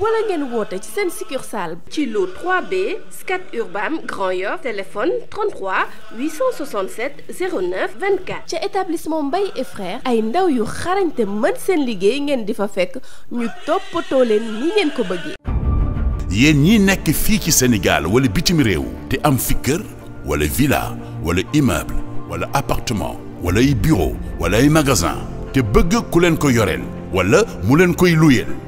wala ngeen woote ci seen succursale ci lu 3B Scat Urbam Grand Yoff téléphone ca établissement Mbaye et ay ndaw yu xarañte mën seen liggéey ngeen di fa fekk ñu toppatoo leen ñi ngeen ko bëggee yéen ñii nekk fii ci Sénégal wala bitim réew te am fi kër wala villa wala immeuble wala appartement wala ay bureau wala ay magasin te bëgg ku leen ko yoreel wala mu leen koy luyeel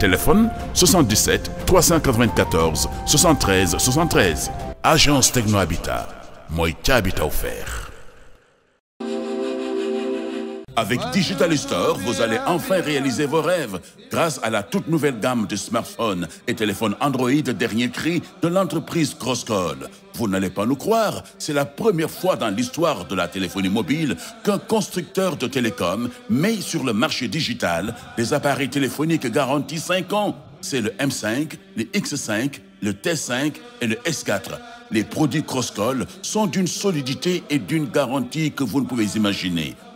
téléphone 77 394 73 73 agence Techno Habitat mooy ca Habitat offert Avec Digital Store, vous allez enfin réaliser vos rêves grâce à la toute nouvelle gamme de smartphones et téléphones Android dernier cri de l'entreprise Crosscall. Vous n'allez pas nous croire, c'est la première fois dans l'histoire de la téléphonie mobile qu'un constructeur de télécom mais sur le marché digital des appareils téléphoniques garantis 5 ans. C'est le M5, le X5, le T5 et le S4. Les produits Crosscall sont d'une solidité et d'une garantie que vous ne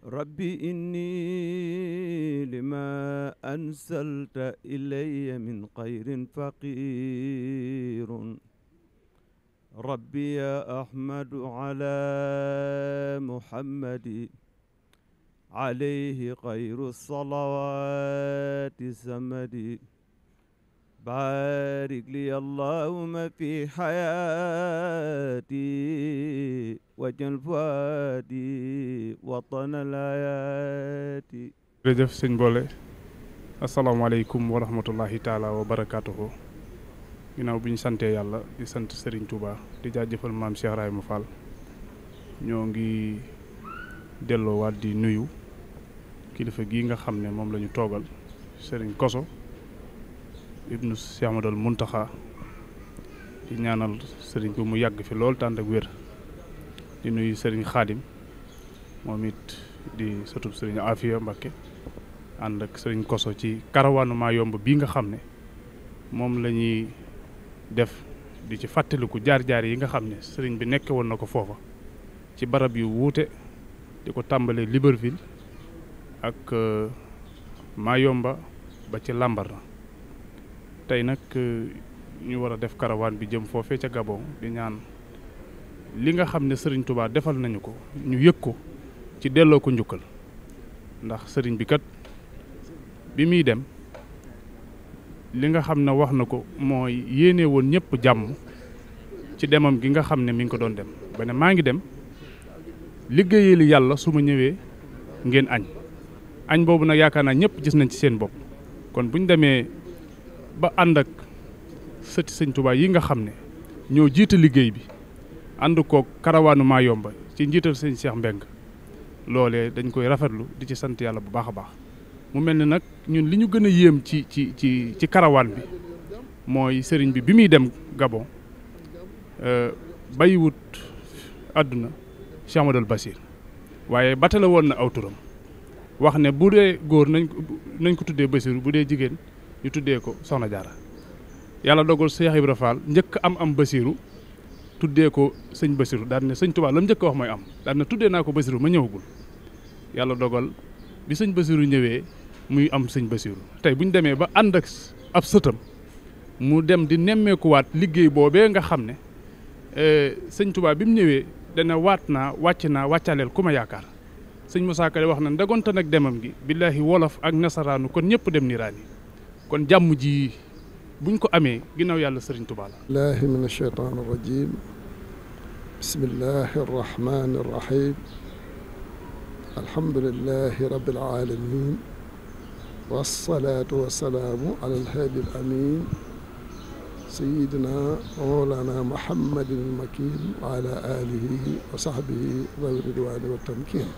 rabbi inni lima ansalta ilayya min xayrin faqirun rabbi ya ahmadu ala muhammadi alayhi xayru salawati samadi بارك لي اللهم في حياتي واجعل فؤادي وطن الآيات jërëjëf sëñ Bollé asalaamaaleykum wa rahmatullahi taala wa barakaatuhu ginnaaw bi ñu santee yàlla di sant sëriñ Touba di jaajëfal maam Cheikh Rahima Fall ñoo ngi delloowaat di nuyu kilifa gii nga xam ne moom la ñu toogal Serigne Koso ibnu Cheikh Ahmadul Muntaxa di ñaanal sëriñ bi mu yàgg fi lool tànd ak wér di nuyu sëriñ xaadim moom it di sëtub sëriñ Afia Mbakke ànd ak sëriñ Koso ci karawaanu maa yomb bii nga xam ne moom lañuy def di ci fàttaliku jaar-jaar yi nga xam ne sëriñ bi nekk woon na ko foofa ci barab yu wuute di ko tàmbalee libar Libreville ak euh, Mayomba ba ci Lambaréné tey nag euh, ñu war a def karawaan bi jëm foofee ca Gabon di ñaan li nga xam ne sëriñ Touba defal nañu ko ñu yëg ko ci delloo ko njukkal ndax sëriñ bi kat bi muy dem li nga xam ne wax na ko mooy yéene woon ñëpp jàmm ci demam gi nga xam ne mi ngi ko doon dem ba ne maa ngi dem liggéeyee li yàlla su ma ñëwee ngeen añ añ boobu nag yaakaar naa ñëpp gis nañ ci seen bopp kon bu ñu demee ba ànd ak sëti sëñ yi nga xam ne ñoo jiite liggéey bi ànd koo karawaanu maa yomba ci njiital sëñ Cheikh Mbeng loolee dañ koy rafetlu di ci sant yàlla bu baax a baax mu mel ni nag ñun li ñu gën a yéem ci ci ci ci karawaan bi mooy sëriñ bi bi muy dem Gabon euh, bàyyiwut àdduna Cheikh Amadou Bassir waaye batale woon na aw turam wax ne bu dee góor nañ ko nañ ko tuddee Bassir bu dee jigéen yu tuddee ko Soxna Jaara yàlla dogal Cheikh Ibra Fall njëkk am am Basiiru tuddee ko sëñ Basiiru daan ne sëñ Tuubaa la mu njëkk wax mooy am daan tuddee naa ko Basiiru ma ñëwagul yàlla dogal bi sëñ Basiiru ñëwee muy am sëñ Basiiru tey bu ñu demee ba ànd ak ab sëtam mu dem di nemmeekuwaat liggéey boobee nga xam ne e, sëñ Tuubaa bi mu ñëwee dana waat naa wàcc naa wàccaleel ku ma yaakaar sëñ Musaa Ka wax na ndagonte nag demam gi billaahi wolof ak nasaraanu kon ñëpp dem niiraan yi kon jàmm ji buñ ko amee ginnaaw yàlla sëriñ Tuubaa la billahi min asheytaan arrajim bismillahi arrahmani arrahim alhamdulilahi rabbil alamin wassalaatu wassalaamu ala alhaadi alamin sayidina mawlana muhammadin almakin wa ala alihi wa sahbihi zawi ridwani wa tamkin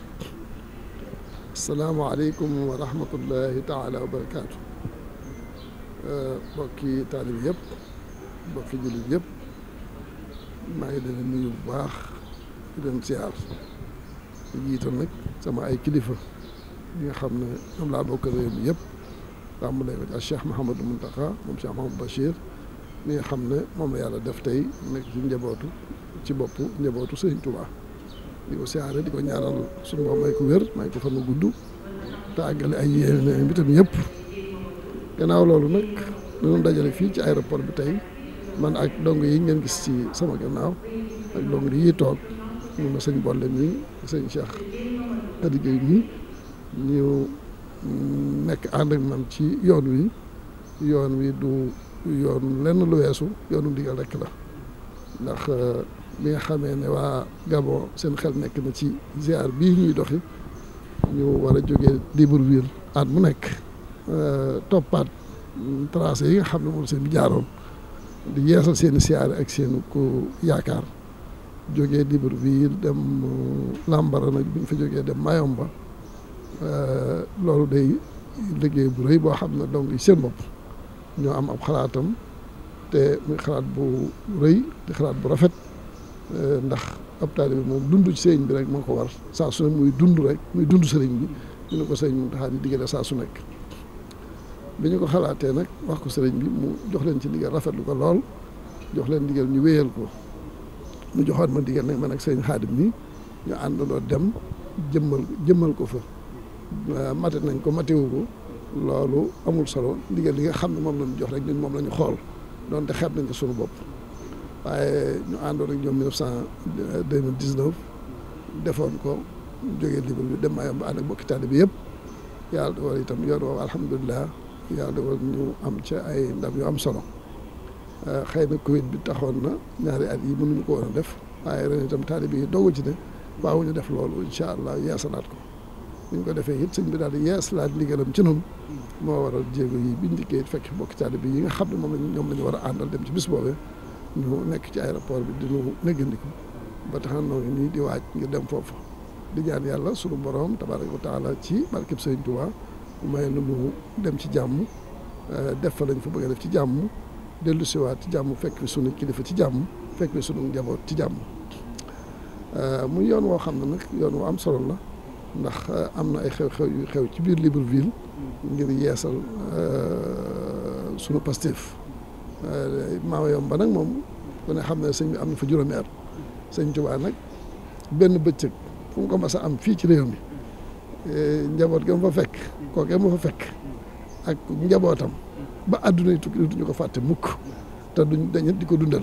assalaamu aleykum wa rahmatullahi taala wa barakatuh Euh, mbokki taalib yëpp mbokki jullit yépp maa ngi leen di nuyu bu baax di leen siyaar di nag sama ay kilifa yi nga xam ne ñoom laa bokk réew mi yëpp tàmbalee ko ci moom Cheikh Mouhamadou xam ne moom la yàlla def tey nekk ci njabootu ci bopp njabootu Sëriñ Touba li ko siyaare di ko ñaaral suñu bopp ko wér may ko fan gudd te àggale ay yéene itam yëpp. gannaaw loolu nag dañu dajale fii ci aéroport bi tey man ak dong yi ngeen gis ci sama gannaaw ak dong yi toog ñu ma sëñ bolle mi sëñ Cheikh Khady Gueye mi ñu nekk ànd ak man ci yoon wi yoon wi du yoon lenn lu weesu yoonu ndigal rekk la ndax euh, bi nga xamee ne waa Gabon seen xel nekk na ci ziar bii ñuy doxi ñu war a jógee Libreville at mu nekk Eh, toppaat tracé yi nga xam ne moom seen bi jaaroon di yeesal seen i siyaare ak seen ku yaakaar jógee Libreville dem eh, Lambara nag bi ñu fa jógee dem Mayomba eh, loolu day liggéey bu rëy boo xam ne dong yi seen bopp ñoo am ab xalaatam te muy xalaat bu rëy di xalaat bu rafet ndax ab taalibe moom dund ci sëriñ bi rek moo ko war saa su muy dund rek muy dund sëriñ bi ñu ne ko sëriñ Muntaxa di diggale saa su nekk bi ñu ko xalaatee nag wax ko sëriñ bi mu jox leen ci ndigal rafetlu ko lool jox leen ndigal ñu wéyal ko ñu joxoon ma ndigal nag man ak sëriñ Xaadim mi ñu àndandoo dem jëmmal jëmmal ko fa mate nañ ko matewu ko amul solo ndigal li nga xam ne moom lañu jox rek ñun moom la ñu xool doonte xeeb nañ ko suñu bopp waaye ñu àndoon ak ñoom 1919 defoon ko jógee Libreville dem Mayumba ànd ak bokki taalibe bi yëpp yàlla wala itam yoon woowu alhamdulilah yàlla dogal ñu am ca ay ndam yu am solo euh, xëy na Covid bi taxoon na ñaari at yi mënuñu ko war a def waaye ren itam taalibe yi dogu ci ne waaw ñu def loolu incha allah yeesalaat ko ni ñu ko defee it sëñ bi daal di yeesalaat ndigalam ci noonu moo waral jéego yi biñ dikkee it fekk mbokki taalibe yi nga xam ne moom lañ ñoom lañu war a àndal dem ci bis boobee ñu nekk ci aéroport bi di ñu néggandiku ba tax noo ngi nii di waaj ngir dem foofu di ñaan yàlla sunu borom tabaaraka wa taala ci barkeb Sëriñ Tuubaa may nu mu dem ci jàmm euh, def fa lañ fa bëgg a def ci jàmm dellu siwaat ci jàmm fekk fi sunu kilifa ci jàmm fekk fi sunu njaboot ci jàmm euh, mu yoon woo xam ne nag yoon woo am solo la ndax euh, am na ay xew-xew xew ci biir libre Libreville ngir yeesal sunu Pastef maawa yom ba nag moom ku ne xam ne sëñ bi am na fa juróomi at sëñ Tuubaa nag benn bëccëg fu mu ko mas a am fii ci réew mi Eh, njaboot gi ma fa fekk kooke ma fa fekk ak njabootam ba àdduna tukki duñu ko fàtte mukk te duñ dañu di ko dundal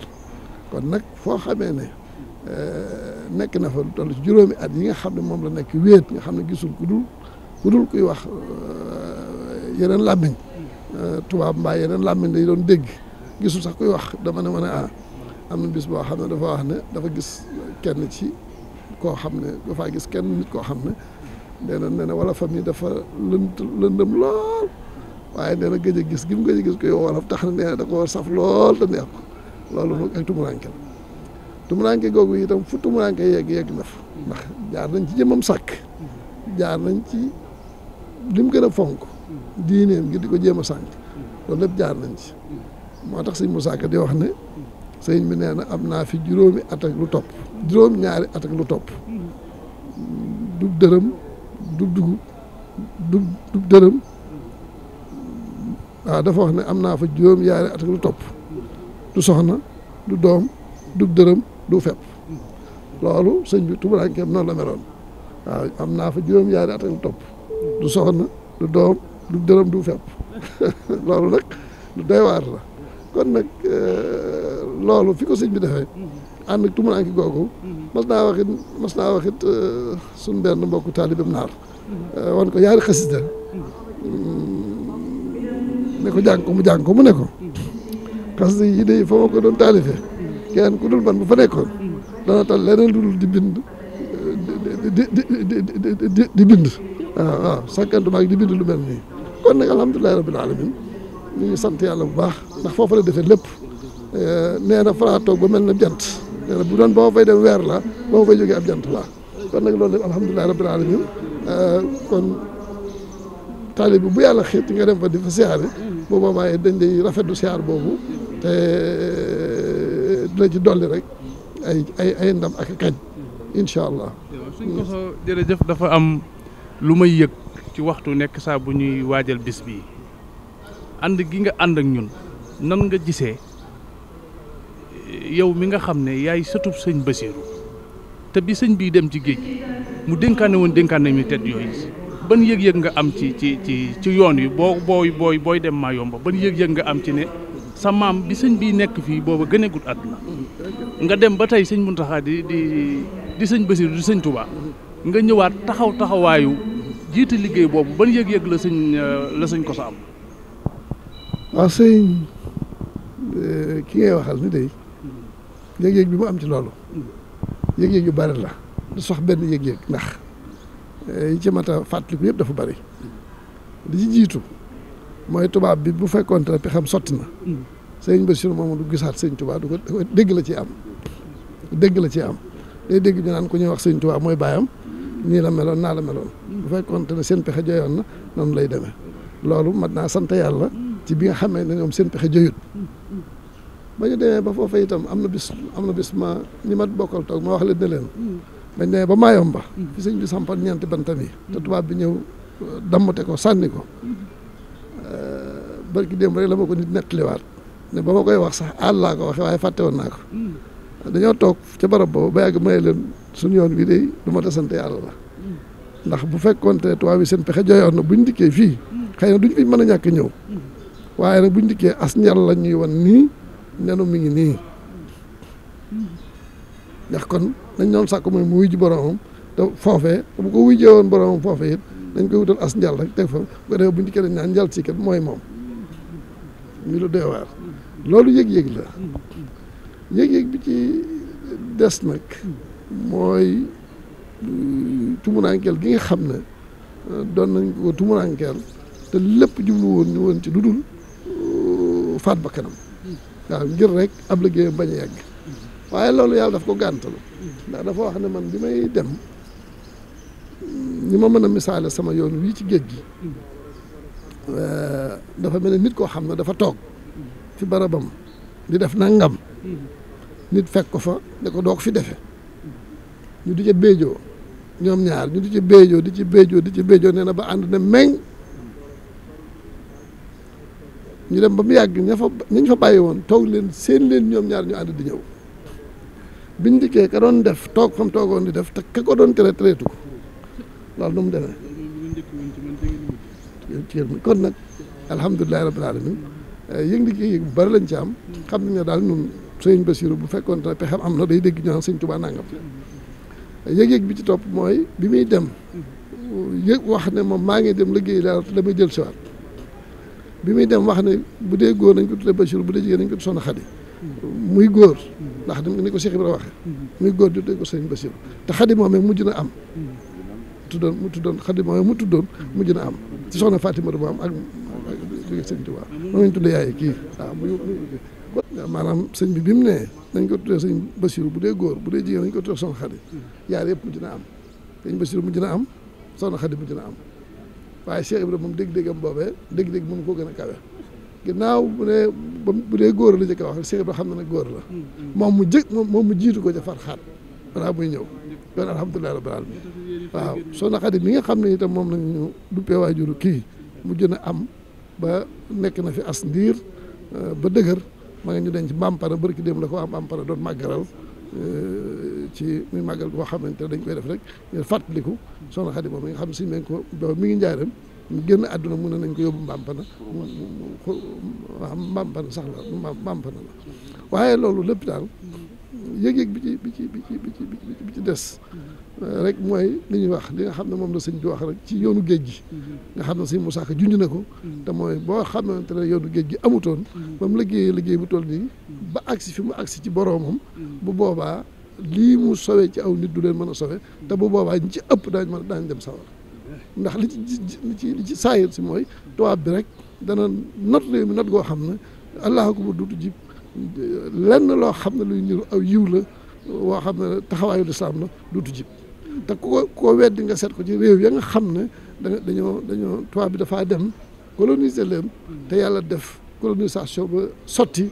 kon nag foo xamee ne eh, nekk na fa lu toll ci juróomi at yi nga xam ne moom la nekk wéet nga xam ne gisul ku dul ku dul kuy wax eh, yeneen làmmiñ tubaab mbaa yeneen làmmiñ day doon dégg gisul sax kuy wax dama ne ma ne ah am na bis boo xam ne dafa wax ne dafa gis kenn ci koo xam ne dafaa gis kenn nit koo xam ne nee na nee na wala fam yi dafa lënt lëndëm lool waaye nee na gëj a gis gi mu gëj a gis ko yow wolof tax na nee na da ko saf lool te neex ko loolu moom ak tumuranke itam fu tumuranke yegg yegg nañ ci jëmam sàkk jaar nañ ci lim gën a fonk diineen gi di ko jéem a sànk loolu lépp jaar nañ ci moo tax sëñ mu Ka di wax ne sëñ bi nee na am naa fi juróomi at ak lu topp juróom ñaari at ak lu topp du dërëm du dugub dub dub dërëm waaw ah, dafa wax ne am naa fa juróom-yaari at ak lu topp du soxna du doom dub dërëm du fepp loolu sëñ bi tubarankeem noonu la meloon waaw juróom-yaari at ak lu topp du soxna du doom du dërëm du fepp loolu ah, nag lu doy waar la kon nag eh, loolu fi ko sëñ bi defee ànd ak tumaranke googu mas naa waxit mas naa waxit eh, suñ benn mbokku taalibam naar Eh, wan ko yaari xasida mm. ne ko ko mu jàng ko mu ne ko xasida yi de fa ko doon taalife kenn ku dul man bu fa nekkoon dana tal leneen lu dul di bind eh, di bind waaw ah, waaw sàkkantu di bind lu mel nii kon nag alhamdulilahi rabbil alamin ñu ngi sant yàlla bu baax ndax foofu la defee lépp eh, nee na fara ba mel na jant nee bu doon boo fay dem weer la boo fay jógee ab jant la kon nag loolu lépp alhamdulilahi alamin Euh, kon taalib bi bu yàlla xiit nga dem fa di fa siyaare bu boobaa dañ lay rafetlu siyaar boobu te euh, dina ci dolli rek ay ay ndam ak kañ incha allah. suñ ko soo jërëjëf dafa am lu may yëg ci waxtu nekk saa bu ñuy waajal bis bii ànd gi nga ànd ak ñun nan nga gisee yow mi nga xam ne yaay sëtub sëñ Basiiru te bi sëñ bii dem ci géej mu dénkaane woon dénkaane mi tedd yooyu ban yëg-yëg nga am ci ci ci ci yoon wi boo booy booy booy dem maa yomba ban yëg-yëg nga am ci ne sa maam bi sëñ bii nekk fii booba gën a gudd àdduna nga dem ba tey sëñ Muntaxa di di di sëñ Basiru di sëñ Tuubaa nga ñëwaat taxaw taxawaayu jiite liggéey boobu ban yëg-yëg la sëñ euh, la sëñ ko sa am waaw sëñ euh, ki ngay waxal ni day yëg-yëg bi mu am ci loolu yëg-yëg yu bari la du sox benn yëg-yëg ndax eh, yi ci mat a fàttaliku yëpp dafa bari li ci jiitu mooy tubaab bi bu fekkoonte te pexam sotti na mm. sëñ Basiru moom du gisaat sëñ Tuubaa du ko dégg la ci am dégg la ci am day dégg ñu naan ku ñuy wax sëñ Tuubaa mooy baayam nii la meloon naa la meloon mm. bu fekkoon te ne seen pexe joyoon na noonu lay demee loolu mat naa sant yàlla mm. ci bi nga xamee ne ñoom seen pexe joyut ba ñu demee ba foofa itam am na bis am na bis ma ñi ma bokkal toog ma wax leen ne leen bañ hmm. demee ba maayom ba hmm. fi sëñ bi sampal ñeenti ban yi hmm. te tubaab bi ñëw dammate ko sànni ko euh, ba démb rek la ma ko nit nettaliwaat ne ba ma koy wax sax àll laa ko waxe waaye fàtte woon naa ko dañoo toog ca barab boobu ba yàgg maye leen suñu yoon wi day du ma desante yàlla la ndax bu fekkoonte ne tubaab bi seen pexe joyoon na ñu ndikkee fii xëy na duñ fi mën a ñàkk ñëw waaye nag buñ dikkee as njal la ñuy wan nii nenu mi ngi nii ndax kon dañ noon sàkk mooy mu wuy ji boromam te foofee te bu ko wuy woon boromam foofee it dañ koy wutal as njal rek teg fa bu ko defee buñ ci keneen ñaan njal si kat mooy moom ñu lu doy ci des nag mooy mm, tumurankeel gi nga xam ne euh, doon nañ ko tumurankeel te lépp jublu woon ñu woon ci lu dul euh, faat bakkanam waaw ngir rek ab liggéeyam bañ a waaye loolu yàlla daf ko la ndax dafa wax ne man bi may dem ni ma mën a misaale sama yoon wii ci géej gi eh, dafa mel ni nit koo xam ne dafa toog fi barabam di def nangam nit fekk ko fa ne ko doog fi defe ñu di ca béejoo ñoom ñaar ñu di ci béejoo di ci béejoo di ci béejoo nee na ba ànd ne meñ ñu dem ba mu yàgg ña fa ñañ fa bàyyi woon toog leen seen leen ñoom ñaar ñu ànd di ñëw biñ dikkee ka doon def toog fam toogoon di def te ka ko doon tere tereetu ko loolu nu mu demee kon nag alhamdulilahi rabbil alamin eh, yëg ndi ki yëg bu bari lañ ci am xam nañ ne daal ñun sëñ Basiru bu fekkoon te pexam am na day dégg ñoo sëñ Tuubaa nangam yëg-yëg bi ci topp mooy bi muy dem yëg wax ne moom maa ngi dem liggéey daal damay jël siwaat bi muy dem wax ne bu dee góor nañ ko tudde Bachir bu dee jigéen nañ ko soxna Xadi muy góor ndax dam ni ko Cheikh Ibrahima waxee muy góor di tudde ko sëñ Bachir te Xadi moomee mujj na am tuddoon mu tuddoon Xadi moomee mu tuddoon mujj na am ci soxna Fatima du am ak jóge sëñ Tuubaa moom lañ kii waaw maanaam sëñ bi bi mu nee nañ ko tuddee sëñ Bachir bu dee góor bu dee jigéen nañ ko tudde soxna Xadi yaar yëpp mujj na am sëñ Bachir mu na am soxna Xadi mujj na am waaye Cheikh Ibrahima moom dégg-déggam boobee dégg-dégg mënu koo gën a kawe ginnaaw bu dee bu dee góor la jëkk a wax Cheikh Ibrahima xam na ne góor la hmm, hmm. moom mu jëkk moom mu jiitu ko ca farxaat balaa muy ñëw kon alhamdulilah rabbil alamin waaw soo na xarit mi nga xam ne itam moom lañ ñu duppee waajuru kii mu jën a am ba nekk na fi as ndiir euh, ba dëgër ma nga ñu denc bàmpara barki dem la koo am bàmpara doon màggaral ci muy màggal boo xamante dañ koy def rek ngir fàttaliku soxna Xadi boobu xam si nañ ko mi ngi njaaram mu génn adduna mun ne nañ ko yóbbu Mbampana waaw Mbampana sax la Mbampana la waaye loolu lépp daal yëg-yëg bi ci bi ci des Euh, rek mooy li ñuy wax li nga xam ne moom la sëñ bi wax rek ci yoonu géej gi nga xam ne sëñ mu Ka junj ne ko te mooy boo xamante ne yoonu géej gi amutoon ba mu liggéeyee liggéey bu toll nii ba agsi fi mu agsi ci boroomam bu boobaa lii mu sowe ci aw nit du leen mën a sowe te bu boobaa ñu ci ëpp daañ man daañ dem sawar ndax li ci li ci saayir si mooy tubaab bi rek dana not réew mi not goo xam ne allah ko bu duutu jib lenn loo xam ne luy niru aw yiw la woo xam ne taxawaayu lislaam la duutu jib te ku ko koo weddi nga seet ko ci réew ya nga xam ne da dañoo dañoo tubaab bi dafaa dem coloniser leen te yàlla def colonisation ba sotti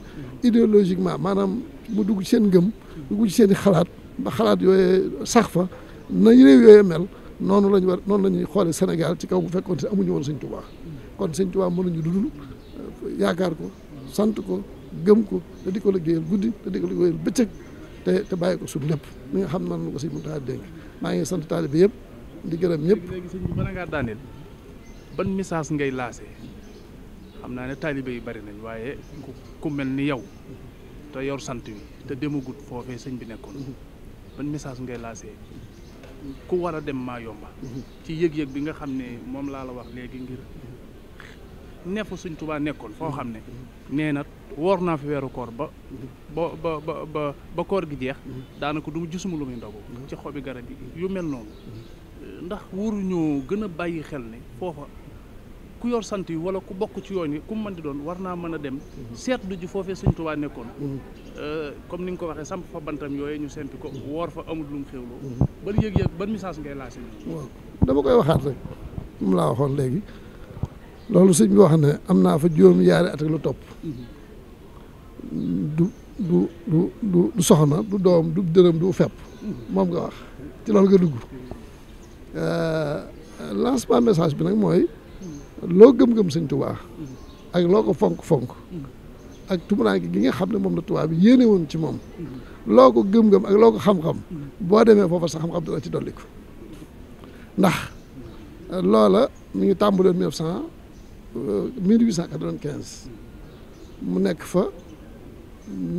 idéologiquement maanaam mu dugg ci seen ngëm dugg ci seen i xalaat ba xalaat yooyee sax fa na réew yooyee mel noonu lañ war noonu la ñuy xoolee Sénégal ci kaw bu fekkoon te amuñu woon sëñ Tuubaa kon sëñ Tuubaa mënuñu dudul euh, yaakaar ko sant ko gëm ko te di ko liggéeyal guddi te di ko bëccëg te te bàyyi ko suñu lépp mi nga xam nan la ko sëñ Muntaxa dénk maa ngi sant taalibe yëpp di gërëm ñëpp. léegi sëñ bi bala daaneel ban message ngay laase xam naa ne taalibe yu bari nañ waaye ku mel ni yow te yor sant wi te demagut foofee sëñ bi nekkoon ban message ngay laase ku war a dem maa yomba. Mhm. ci yëg-yëg bi nga xam ne moom laa la wax léegi ngir. ne fa suñ tubaa nekkoon foo xam ne nee na woor naa fi weeru koor ba ba ba ba ba ba koor gi jeex daanaka du mu gisuma lu muy ndogu ci xobi garab yi yu mel noonu ndax waruñoo gën a bàyyi xel ne foofa ku yor sant yi wala ku bokk ci yoon yi ku mën di doon war naa mën a dem seetlu ji foofee suñ tubaa nekkoon comme ni nga ko waxee samp fa bantam yooyu ñu sempi ko woor fa amul lu mu xewloo ban yëg-yëg ban message ngay lancé waaw dama koy waxaat rek mu laa waxoon léegi loolu sëñ bi wax ne am naa fa juróom yaari at ak lu topp du du du soxna du doom du dërëm du fepp moom nga wax ci loolu nga dugg euh, lancement message bi nag mooy loo gëm-gëm sëñ Tuubaa ak loo ko fonk-fonk ak tumuraanke gi nga xam ne moom la Tuubaa bi yéene woon ci moom loo ko gëm-gëm ak loo ko xam-xam boo demee foofa sa xam-xam dana ci dolli ko ndax loola mu ngi tàmbalee mille neuf cent 1895 euh, mu nekk fa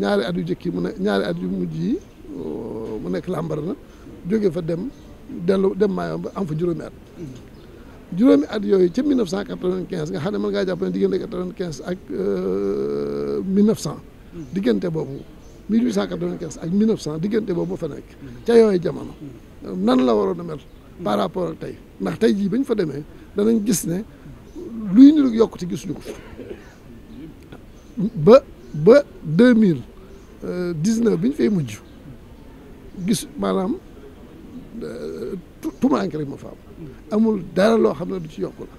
ñaari at yu jëkk yi mu ne ñaari at yu mujj yi euh, mu nekk na jóge fa dem dellu dem ba am fa juróomi at juróomi at yooyu ca 1995 nga xam ne mën ngaa jàpp ne diggante 95 ak 1900 euh, diggante boobu 1895 ak 1900 diggante boobu fa nekk ca yooyu jamono nan la waroon a mel par rapport ak tey ndax tey jii bañ fa demee danañ gis ne luy niru yokkute gisuñu ko fi ba ba deux mille euh, dix-neuf bi ñu fay mujj gis maanaam euh, tumaanke rek ma fa am amul dara loo xam ne du ci yokku la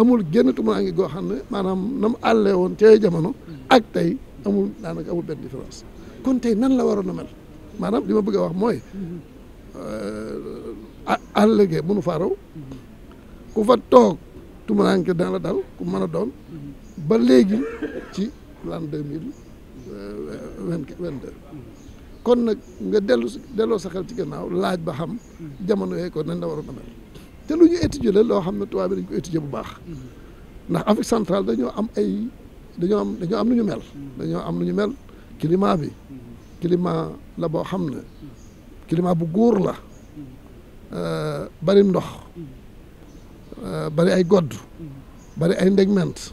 amul genn tumaanke goo xam ne maanaam na mu àllee woon cay jamono ak tey amul daanaka amul benn différence kon tey nan la waroon na mel maanaam li ma bëgg wax mooy euh, àll ge mënu faa raw ku fa toog tumuraanke daan la dal ku mën a doon ba léegi ci l'an deux mille euh, vingt deux kon nag nga dellu delloo sa xel ci gannaaw laaj ba xam jamono yooyu kon nañ la war a mel te lu ñu étudier la loo xam ne tubaab bi dañ ko étudier bu baax ndax Afrique centrale dañoo am ay dañoo am dañoo am lu ñu mel dañoo am lu ñu mel climat bi climat la boo xam ne climat bu góor la euh, bari ndox Eh, bari ay godd mm-hmm. bari ay ndegment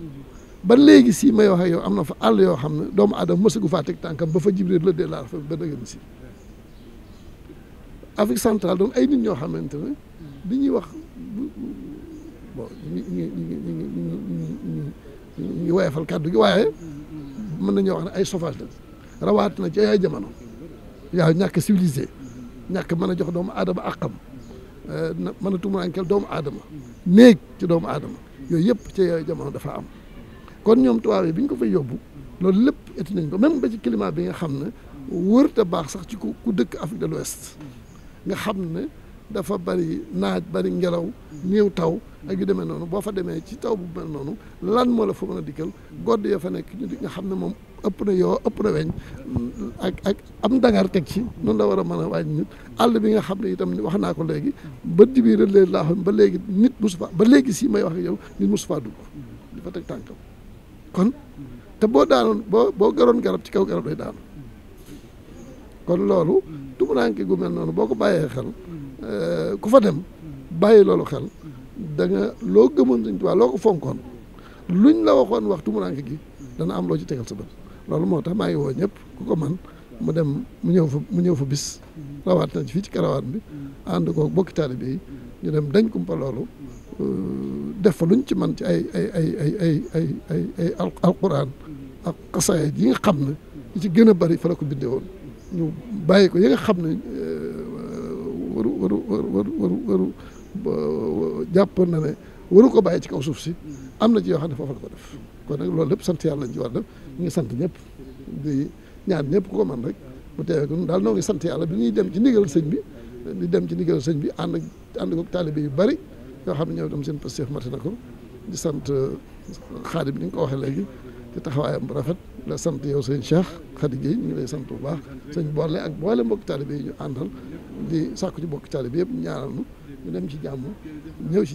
ba léegi sii may waxee yow am na fa àll yoo xam ne doomu aadama mësagu faa teg tànkam ba fa Jibril la dee laal fa ba dëggan si Afrique centrale doon ay nit ñoo xamante ne bi mm-hmm. ñuy wax bon ñu ñu ñu ñu gi waaye mm-hmm. mën nañoo wax ne ay sauvage la rawaat na ci ay jamono yaa ñàkk civilisé ñàkk mën a jox doomu aadama àqam Euh, mën a tumuraankeel doomu aadama néeg ci doomu aadama yooyu yëpp ci yooyu jamono dafa am kon ñoom tubaab yi bi ñu ko fay yóbbu loolu lépp éti nañ ko même ba ci climat bi nga xam ne wër te baax sax ci ku ku dëkk Afrique de nga xam ne dafa bari naaj bari ngelaw néew taw ak yu demee noonu boo fa demee ci taw bu mel noonu lan moo la fa mën a dikkal godd ya fa nekk ñu di nga xam ne moom ëpp na yoo ëpp na weñ ak ak am dangar teg ci noonu la war a mën a wàññi nit àll bi nga xam ne itam wax naa ko léegi ba dibi rëlee laa xam ba léegi nit mosu ba léegi si may wax ak yow nit mosu faa dugg teg tànkam kon te boo daanoon boo boo garoon garab ci kaw garab lay daanu kon loolu tumuraanke gu mel noonu boo ko bàyyee xel eh, ku fa dem bàyyi loolu xel da loo gëmoon Sëñ Tuubaa loo ko fonkoon luñ la waxoon wax tumuraanke gi dana am loo ci tegal sa bët loolu moo tax maa ngi woo ñëpp ku ko man mu dem mu ñëw fa mu ñëw fa bis rawaat nañ fii ci karawaan bi ànd koo bokki taalibe yi ñu dem dañ kumpa loolu euh, def fa luñ ci man ci ay ay ay ay ay ay ay ay alquran ak xasaayid yi nga xam ne yi ci gën a bari fa la ko bindee ñu bàyyi ko yi nga xam ne euh, waru waru waru waru waru jàppoon na ne waru ko bàyyi ci kaw suuf si am na ci yoo xam ne foofu la ko def kon loolu lépp sant yàlla lañ ci war def ngi sant ñëpp di ñaan ñëpp ko man rek bu teewee ko daal noo ngi sant yàlla bi ñuy dem ci ndigal sëñ bi di dem ci ndigal bi ànd ak ànd ak taalibe yu bari yoo xam ne ñoo dem seen Pastef mate na ko di sant uh, Xaadim ni nga ko waxee léegi ci taxawaayam bu rafet la sant yow sëñ Cheikh ñu lay sant bu baax sëñ boole ak boole mbokk taalibe yi ñu àndal di sàkku ci mbokk taalibe yëpp ñaanal dem ci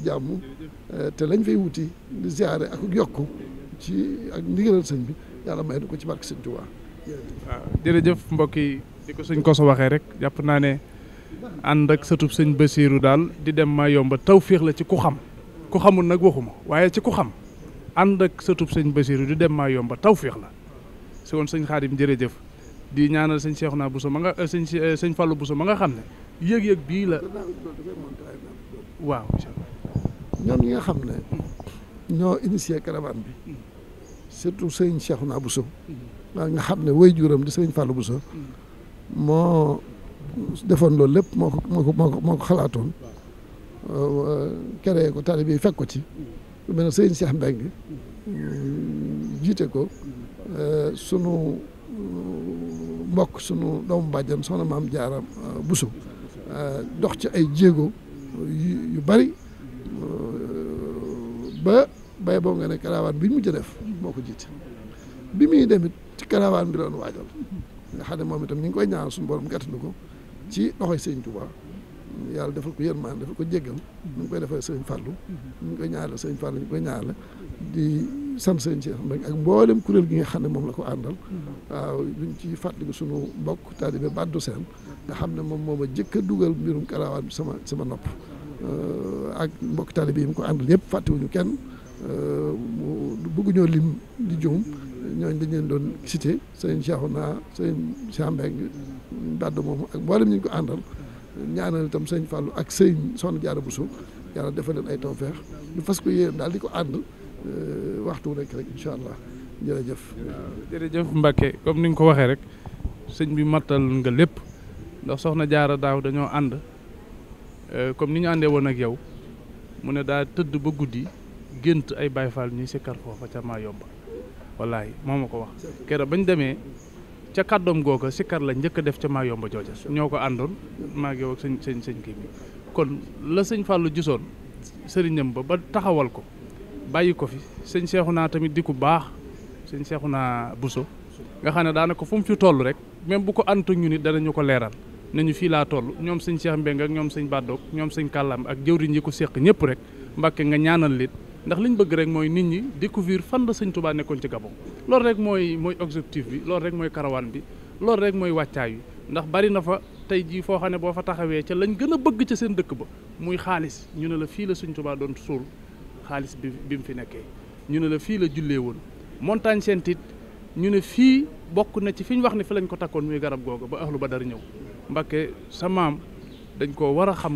jàmm Eh, te lañ fay wuti di ziare ak yokk ci ak ndigalal sëñ bi yàlla may na ko ci barke sëñ Tuubaa. waaw jërëjëf mbokk yi di ko sëñ Koso waxee rek jàpp naa ne ànd ak sëtub sëñ Basiiru daal di dem maa yomba tawféex la ci ku xam ku xamul nag waxuma waaye ci ku xam ànd ak sëtub sëñ Basiiru di dem maa yomba tawféex la si woon sëñ Xaadim jërëjëf di ñaanal sëñ naa Buso ma nga sëñ sëñ Fàllu Buso ma nga xam ne yëg-yëg bii la ñoom ñi nga xam ne ñoo initié caravane bi surtout sëñ Cheikhouna Bousso waaw nga xam ne way juram di sëñ Fallou Bousso moo defoon loolu lépp moo ko moo moo ko moo ko xalaatoon créé ko taalibe fekk ko ci lu mel ne sëñ Cheikh jiite ko sunu mbokk sunu doomu bàjjan soxna maam Jaara buso dox ci ay jéego yu bari ba bay boo nga ne karawaan bi mujj def moo ko jiite bi muy demit ci karawaan bi doon waajal nga moom itam ñu ngi koy ñaan suñu borom gàttanu ko ci loxoy sëñ Tuubaa yàlla defal ko yërmaan defal ko jéggal ñu koy defal sëñ Fallou ñu ngi koy ñaanal sëñ Fallou ñu ngi di sant sëñ Cheikh rek ak mboolem kuréel gi nga xam ne moom la ko àndal waaw ci fàttali suñu mbokk taalibe Badou Sène nga xam ne moom moom a jëkk dugal mbirum karawaan bi sama sama nopp Euh, ak mbokk taalibe yi mu ko àndal yépp fàttewuñu kenn euh, bëgguñoo lim di juum ñooñ dañ leen doon cité sëñ Cheikhouna sëñ Cheikh Mbengue Baddo moomu ak mboolem ñu ko àndal ñaanal itam sëñ Fallou ak sëñ jaar Diarra Bousso yàlla defal leen ay tawfeex ñu fas ko yéen daal di ko ànd euh, waxtu rek rek incha allah jërëjëf. jërëjëf Mbacke comme ni nga ko waxee rek sëñ bi mattal nga lépp ndax Soxna Diarra daaw dañoo ànd. Euh, comme ni ñu àndee woon ak yow mu ne daa tëdd ba guddi gént ay Baay Faal ñuy sikkar foofa ca maa yomb wallaahi moo ma ko wax keroog bañ demee ca kàddoom googa sikkar la njëkk def ca maa yomb jooja ñoo ko àndoon maa ngi yow ak sëñ sëñ sëñ kii bi kon la sëñ Fallou gisoon sëriñam ba ba taxawal ko bàyyi ko fi sëñ naa tamit di ku baax sëñ naa Buso nga xam ne daanaka fu mu fi toll rek même bu ko antu ñu nit ñu ko leeral nañu fii laa toll ñoom sëñ Cheikh Mbeng ak ñoom sëñ Baddoog ñoom sëñ Kàllaam ak jëwriñ yi ko seq ñëpp rek mbakke nga ñaanal leen ndax liñ bëgg rek mooy nit ñi découvrir fan la sëñ Touba nekkoon ci Gabon loolu rek mooy mooy bi loolu rek mooy karawaan bi loolu rek mooy wàccaay ndax bari na fa tey jii foo xam ne boo fa taxawee ca lañ gën a bëgg ca seen dëkk ba muy xaalis ñu ne la fii la sëñ Touba doon suul xaalis bi bi mu fi nekkee ñu ne la fii la jullee woon montagne seen ñu ne fii bokk na ci fi ñu wax ne fi lañ ko takkoon muy garab googu ba ahlu badar ñëw Mbàkke sa maam dañ ko war a xam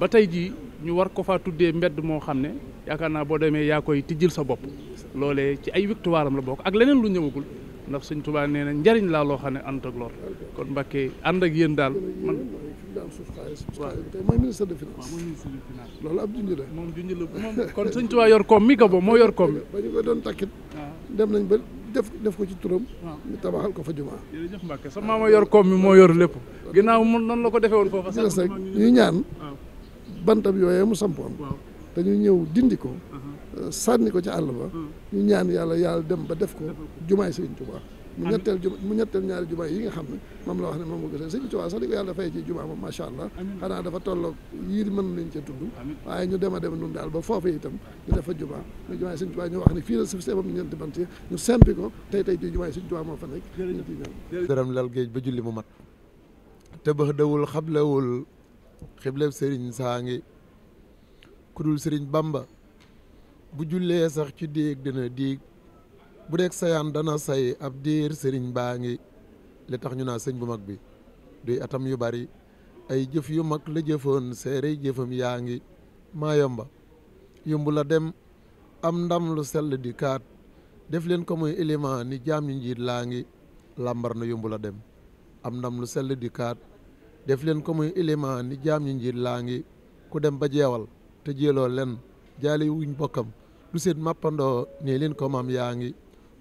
ba tey jii ñu war ko fa tuddee mbedd moo xam ne yaakaar naa boo demee yaa koy tijjil sa bopp loolee ci ay victoire la bokk ak leneen lu ñëwagul ndax Sëñ Tuubaa nee na njariñ laa loo xam ne ànd ak lor ànd ak yéen daal man mooy ministre kon Sëñ Tuubaa yor koom mi ka moo yor koom mi ah. dem nañ ba def def ko ci turam. ñu tabaxal ko fa jumaa. jërëjëf Mbacke sa maama yor koom mi moo yor lépp. ginnaaw mu noonu la ko defee woon foofa. sax rek ñu ñaan. bantam yooyee mu sampoon. te ñu ñëw dindi ko. Uh-huh. sànni ko ci àll ba. Uh-huh. ñu ñaan yàlla yàlla dem ba def ko jumaay Sëriñ Tuubaa. mu ñetteel juma mu ñetteel ñaari juma yi nga xam ne moom la wax ne moom ma gis sëñ Tuubaa sax li ko yàlla fay ci juma moom macha allah xanaa dafa tolloog yii mën nañ ca tudd waaye ñu dema dem nun daal ba foofu itam ñu defa juma ñu jumaay sëñ Tuubaa ñu wax ne fii la suuf si moom ñeenti bant yi ñu sempi ko tey tey ji jumaay sëñ Tuubaa moo fa nekk dërëm lal géej ba julli mu mat te bëx dawul xablewul xibleb sëriñ saa ngi kudul sëriñ Bamba bu jullee sax ci déeg dina déeg bu dee sayaan dana say ab diir sëriñ baa ngi li tax ñu naa sëñ bu mag bi duy atam yu bari ay jëf yu mag la jëfoon seerey jëfam yaa ngi maa yomba yomb la dem am ndam lu sell di kaat def leen ko muy élément ni jaam ñu njiit laa ngi làmbar na yomb la dem am ndam lu sell di kaat def leen ko muy élément ni jaam ñu njiit laa ngi ku dem ba jeewal te jeeloo len jaale wuñ bokkam lu seen màppandoo nee leen ko maam yaa ngi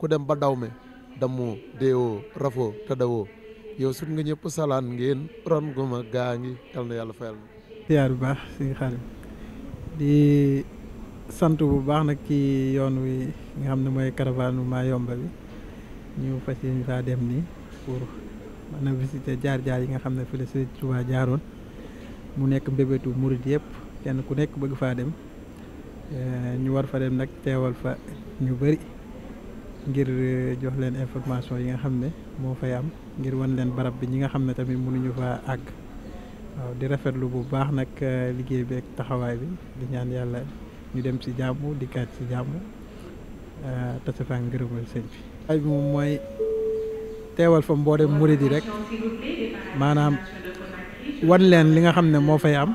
ku dem ba daw me dammu deewoo rafoo te yow sut nga ñëpp salaan ngeen ron guma gaa ngi yal na yàlla fayal ma siyaar bu baax si xarit sant bu baax nag ci yoon wi nga xam ne mooy caravane maa yomba bi ñu fas yéene faa dem nii pour mën a visiter jaar-jaar yi nga xam ne fi la Sëriñ Tuubaa jaaroon mu nekk mbébétu murit yëpp kenn ku nekk bëgg faa dem eh, ñu war fa dem nag teewal fa ñu bëri ngir eh, jox leen information yi nga xam ne moo fay am ngir wan leen barab bi ñi nga xam ne tamit munuñu fa àgg waaw di rafetlu bu baax nag eh, liggéey bi ak taxawaay bi di ñaan yàlla ñu dem ci jàmm dikkaat ci jàmm eh, tasa faa ngërëmal sëñ bi. ay bi moom mooy teewal fa mboolem murid yi rek maanaam wan leen li nga xam ne moo fay am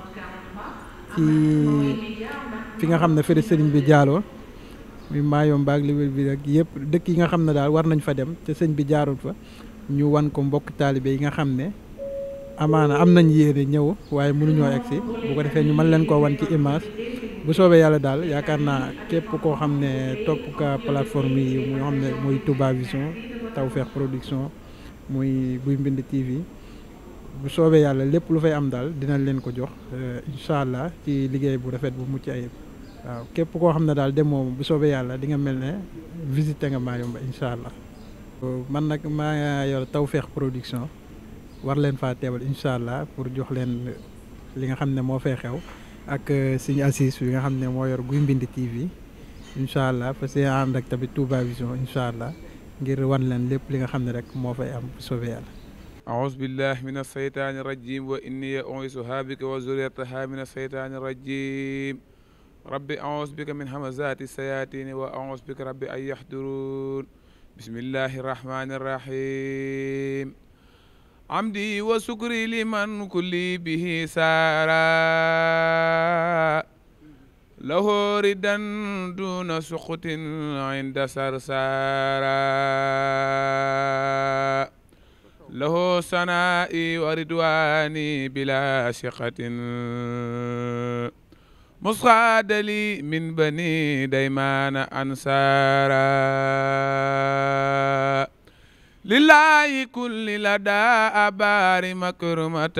ci fi nga xam ne fi sëriñ bi jaaloo. muy maayom baag liwér bi rek yëpp dëkk yi nga xam ne daal war nañ fa dem te sëñ bi jaarul fa ñu wan ko mbokk taalibe yi nga xam ne amaana am nañ yéene ñëw waaye mënuñoo egg si bu ko defee ñu man leen ko wan ci image bu soobee yàlla daal yaakaar naa képp koo xam ne topp ka plateforme yi mu xam ne muy Touba Vision Tawfekh Production muy buy mbind TV bu soobee yàlla lépp lu fay am daal dinañ leen ko jox euh, incha allah ci liggéey bu rafet bu mucc ayib waaw képp koo xam ne daal dem moom bu soobee yàlla di nga mel ne visité nga Mayumba incha allah. man nag maa yor Tawfekh Production war leen faa teebal incha allah pour jox leen li nga xam ne moo fee xew ak euh, suñu assise bi nga xam ne moo yor Guy Mbind TV incha allah parce que ànd ak tamit Touba Vision incha allah ngir wan leen lépp li nga xam ne rek moo fay am bu soobee yàlla. أعوذ بالله من الشيطان الرجيم وإني أعيذها بك وذريتها من الشيطان الرجيم rabbi aawuusu bika min hamazaati sayaatini wa aawuusu bika rabbi an yaxduruun bismillahi rahmaani rahiim amdi wa sukri liman kulli bihi saara lahu ridan duna suqutin inda sarsaara lahu sanaa'i wa ridwaani bila siqatin مسعد لي من بني ديمان أنصارا لله كل لدى أبار مكرمة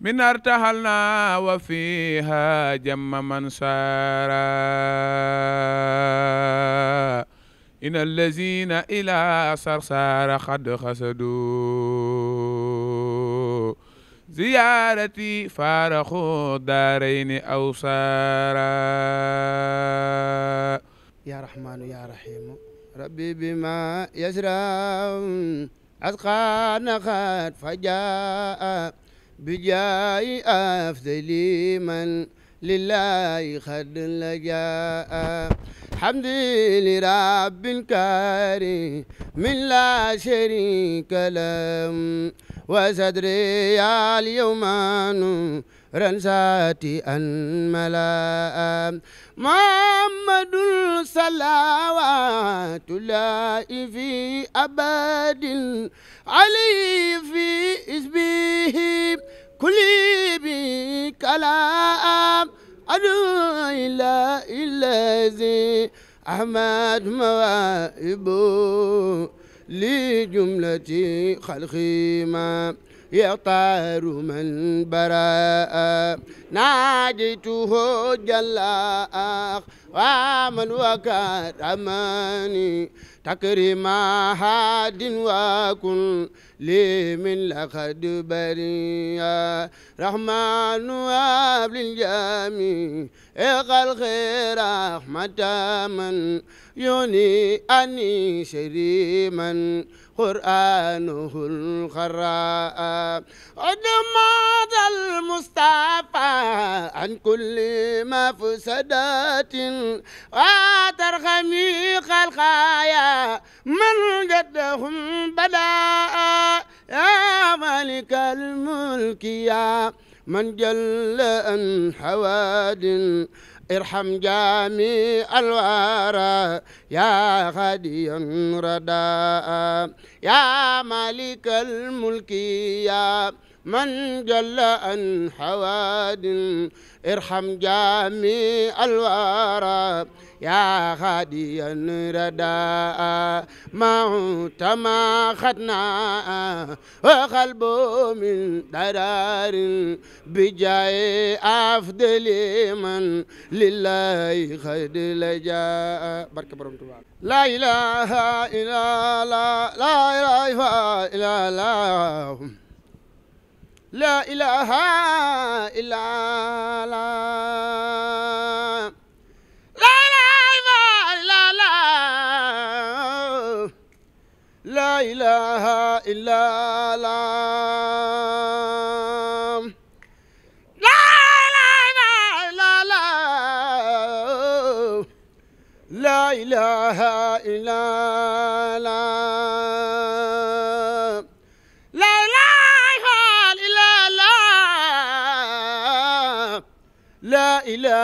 من ارتحلنا وفيها جم من سارا إن الذين إلى صرصار قد خسدوا ziyaarati faaraxu daarayni aw saara yaa raxmaanu yaa raxiimu rabbi bi ma yasraam asqaana xaat fajaa bi jaayi afdali man lillahi xad la jaa hamdi li rabbil karim min la sharika lahu وصدري اليوم نورا ساتئا ملأ محمد صلوات الله في أبد عليه في حزبه كل بكلام أدعو إلى الذي أحمد مواهبه لجملة خلقي ما يختار من براء ناجيته جل ومن وكرمني تكريما حاد وكن لي من لقد بريا رحمن وابل الجميع اقل خير رحمة من يوني أني شريما قرآنه الخراء مات المصطفى عن كل مفسدات وترحمي خلقايا من جدهم بلاء يا مالك الملك يا من جل عن حواد ارحم جميع الورى يا هاديا رداء يا مالك الملك يا من جل عن حواد ارحم جميع الورى يا غاديا رداء معه تماخدنا وقلب من درار بجاي أفضل من لله خير لجاء بارك برم لا إله إلا الله لا إله إلا الله لا إله إلا الله